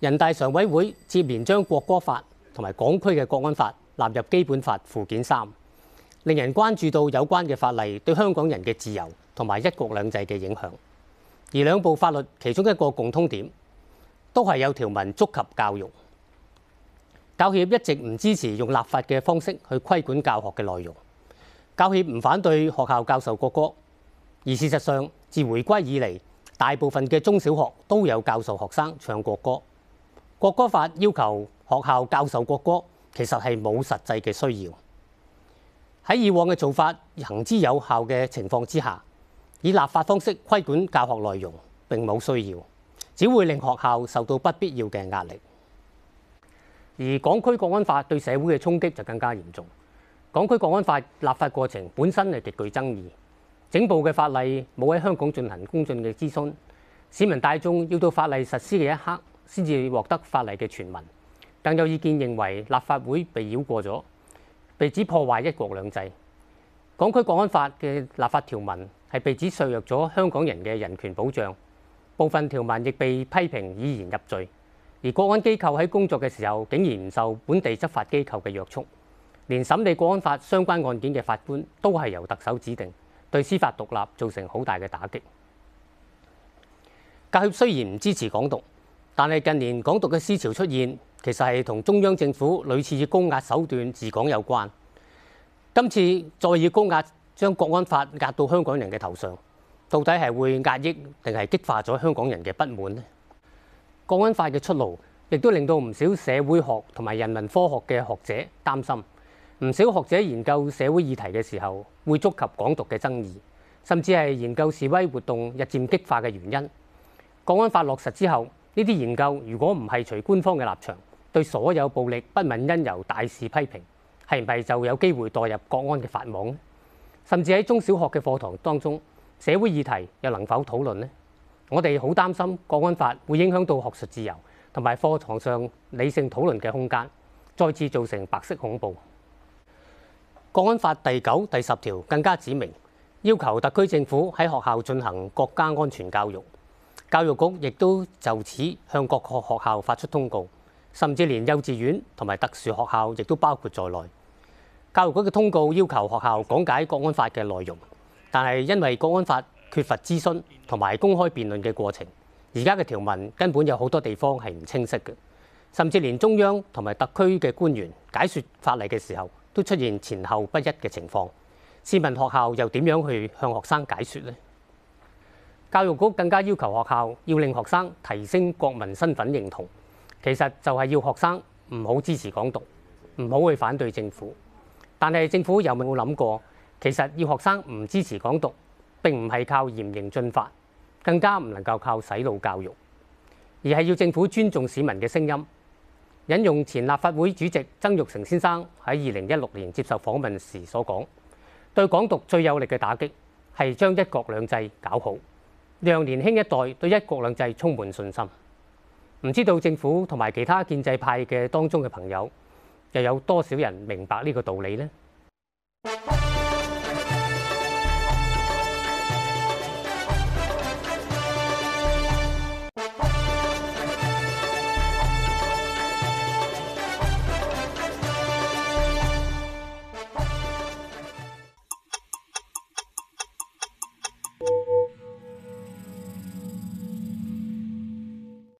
人大常委會接連將國歌法同埋港區嘅國安法納入基本法附件三，令人關注到有關嘅法例對香港人嘅自由同埋一國兩制嘅影響。而兩部法律其中一個共通點，都係有條文觸及教育。教協一直唔支持用立法嘅方式去規管教學嘅內容。教協唔反對學校教授國歌，而事實上，自回歸以嚟，大部分嘅中小學都有教授學生唱國歌。國歌法要求學校教授國歌，其實係冇實際嘅需要。喺以往嘅做法行之有效嘅情況之下，以立法方式規管教學內容並冇需要，只會令學校受到不必要嘅壓力。而港區國安法對社會嘅衝擊就更加嚴重。港區國安法立法過程本身係極具爭議，整部嘅法例冇喺香港進行公眾嘅諮詢，市民大眾要到法例實施嘅一刻。先至獲得法例嘅全文。更有意見認為，立法會被繞過咗，被指破壞一國兩制。港區國安法嘅立法條文係被指削弱咗香港人嘅人權保障，部分條文亦被批評已然入罪。而國安機構喺工作嘅時候，竟然唔受本地執法機構嘅約束，連審理國安法相關案件嘅法官都係由特首指定，對司法獨立造成好大嘅打擊。教協雖然唔支持港獨。但係近年港獨嘅思潮出現，其實係同中央政府屢次以高壓手段治港有關。今次再以高壓將《國安法》壓到香港人嘅頭上，到底係會壓抑定係激化咗香港人嘅不滿呢？《國安法》嘅出爐亦都令到唔少社會學同埋人文科學嘅學者擔心。唔少學者研究社會議題嘅時候，會觸及港獨嘅爭議，甚至係研究示威活動日漸激化嘅原因。《國安法》落實之後，呢啲研究如果唔係隨官方嘅立場，對所有暴力不問因由大肆批評，係咪就有機會墮入國安嘅法網？甚至喺中小學嘅課堂當中，社會議題又能否討論呢？我哋好擔心國安法會影響到學術自由同埋課堂上理性討論嘅空間，再次造成白色恐怖。國安法第九、第十條更加指明，要求特區政府喺學校進行國家安全教育。教育局亦都就此向各個學校發出通告，甚至連幼稚園同埋特殊學校亦都包括在內。教育局嘅通告要求學校講解《國安法》嘅內容，但係因為《國安法》缺乏諮詢同埋公開辯論嘅過程，而家嘅條文根本有好多地方係唔清晰嘅，甚至連中央同埋特區嘅官員解說法例嘅時候，都出現前後不一嘅情況。試問學校又點樣去向學生解說呢？教育局更加要求學校要令學生提升國民身份認同，其實就係要學生唔好支持港獨，唔好去反對政府。但係政府有冇諗過？其實要學生唔支持港獨，並唔係靠嚴刑峻法，更加唔能夠靠洗腦教育，而係要政府尊重市民嘅聲音。引用前立法會主席曾鈺成先生喺二零一六年接受訪問時所講：「對港獨最有力嘅打擊係將一國兩制搞好。」讓年輕一代對一國兩制充滿信心，唔知道政府同埋其他建制派嘅當中嘅朋友，又有多少人明白呢個道理呢？